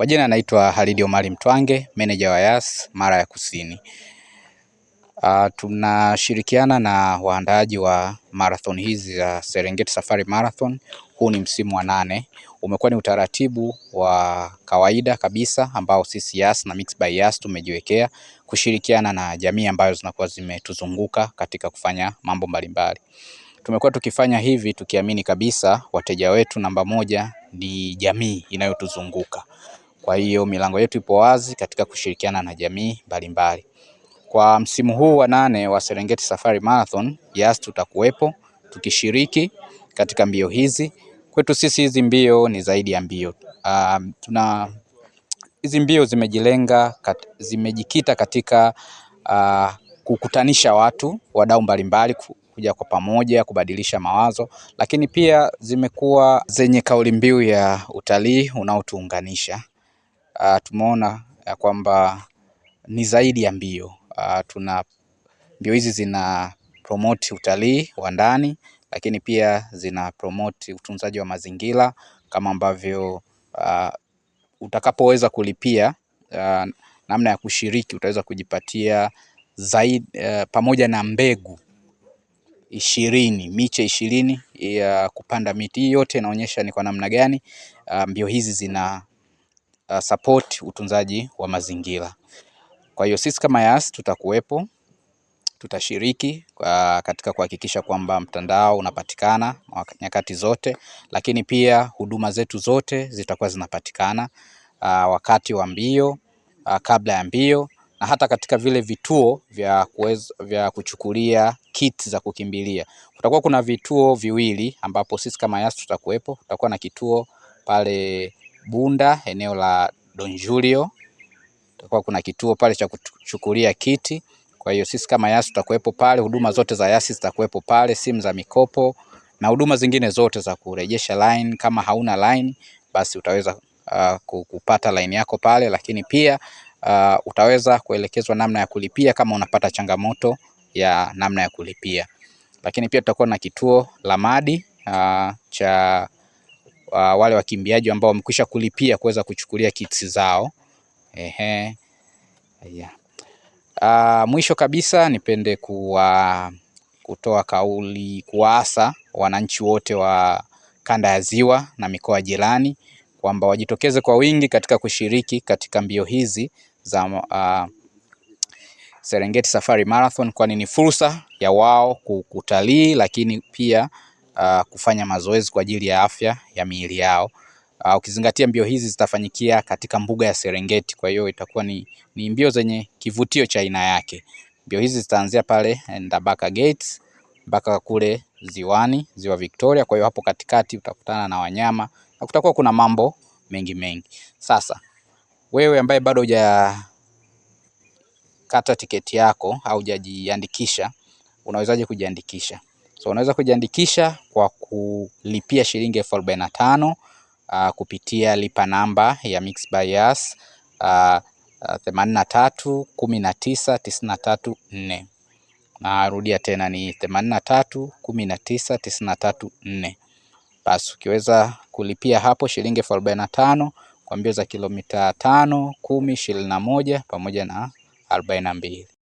Kwa jina naitwa Halidi Omari Mtwange, meneja wa Yas Mara ya Kusini. Uh, tunashirikiana na waandaaji wa marathon hizi za Serengeti Safari Marathon. Huu ni msimu wa nane, umekuwa ni utaratibu wa kawaida kabisa ambao sisi Yas na Mixx by Yas tumejiwekea kushirikiana na jamii ambazo zinakuwa zimetuzunguka katika kufanya mambo mbalimbali. Tumekuwa tukifanya hivi tukiamini kabisa wateja wetu namba moja ni jamii inayotuzunguka. Kwa hiyo milango yetu ipo wazi katika kushirikiana na jamii mbalimbali. Kwa msimu huu wa nane wa Serengeti Safari Marathon, YAS tutakuwepo tukishiriki katika mbio hizi. Kwetu sisi hizi mbio ni zaidi ya mbio. Um, tuna hizi mbio zimejilenga kat, zimejikita katika uh, kukutanisha watu wadau mbalimbali kuja kwa pamoja kubadilisha mawazo, lakini pia zimekuwa zenye kauli mbiu ya utalii unaotuunganisha uh, tumeona ya kwamba ni zaidi ya mbio uh, tuna mbio hizi zina promote utalii wa ndani, lakini pia zina promote utunzaji wa mazingira kama ambavyo uh, utakapoweza kulipia uh, namna ya kushiriki utaweza kujipatia zaidi uh, eh, pamoja na mbegu ishirini miche ishirini ya kupanda miti. Hii yote inaonyesha ni kwa namna gani uh, mbio hizi zina uh, support utunzaji wa mazingira. Kwa hiyo sisi kama Yas tutakuwepo, tutashiriki uh, katika kuhakikisha kwamba mtandao unapatikana nyakati zote, lakini pia huduma zetu zote zitakuwa zinapatikana uh, wakati wa mbio uh, kabla ya mbio na hata katika vile vituo vya, kuweza, vya kuchukulia kit za kukimbilia kutakuwa kuna vituo viwili ambapo sisi kama Yas tutakuwepo. Tutakuwa na kituo pale Bunda, eneo la Don Julio, kutakuwa kuna kituo pale cha kuchukulia kiti. Kwa hiyo sisi kama Yasi tutakuwepo pale, huduma zote za Yasi zitakuwepo pale, simu za mikopo na huduma zingine zote za kurejesha line. Kama hauna line, basi utaweza uh, kupata line yako pale, lakini pia uh, utaweza kuelekezwa namna ya kulipia kama unapata changamoto ya namna ya kulipia. Lakini pia tutakuwa na kituo la madi uh, cha uh, wale wakimbiaji ambao wamekwisha kulipia kuweza kuchukulia kits zao. Ehe. Yeah. Uh, mwisho kabisa nipende kuwa kutoa kauli kuwaasa wananchi wote wa kanda ya Ziwa na mikoa jirani kwamba wajitokeze kwa wingi katika kushiriki katika mbio hizi za uh, Serengeti Safari Marathon kwani ni fursa ya wao kutalii, lakini pia uh, kufanya mazoezi kwa ajili ya afya ya miili yao. Uh, ukizingatia mbio hizi zitafanyikia katika mbuga ya Serengeti, kwa hiyo itakuwa ni, ni mbio zenye kivutio cha aina yake. Mbio hizi zitaanzia pale Ndabaka Gates mpaka kule ziwani ziwa Victoria. Kwa hiyo hapo katikati utakutana na wanyama na kutakuwa kuna mambo mengi mengi. Sasa wewe ambaye bado hujakata tiketi yako au hujajiandikisha, unawezaje kujiandikisha? So unaweza kujiandikisha kwa kulipia shilingi elfu arobaini na tano uh, kupitia lipa namba ya Mixx by Yas uh, uh, themanini na tatu kumi na tisa tisini na tatu nne. Narudia tena ni themanini na tatu kumi na tisa tisini na tatu nne. Basi ukiweza kulipia hapo shilingi elfu arobaini na tano kwa mbio za kilomita tano, kumi, ishirini na moja pamoja na arobaini na mbili.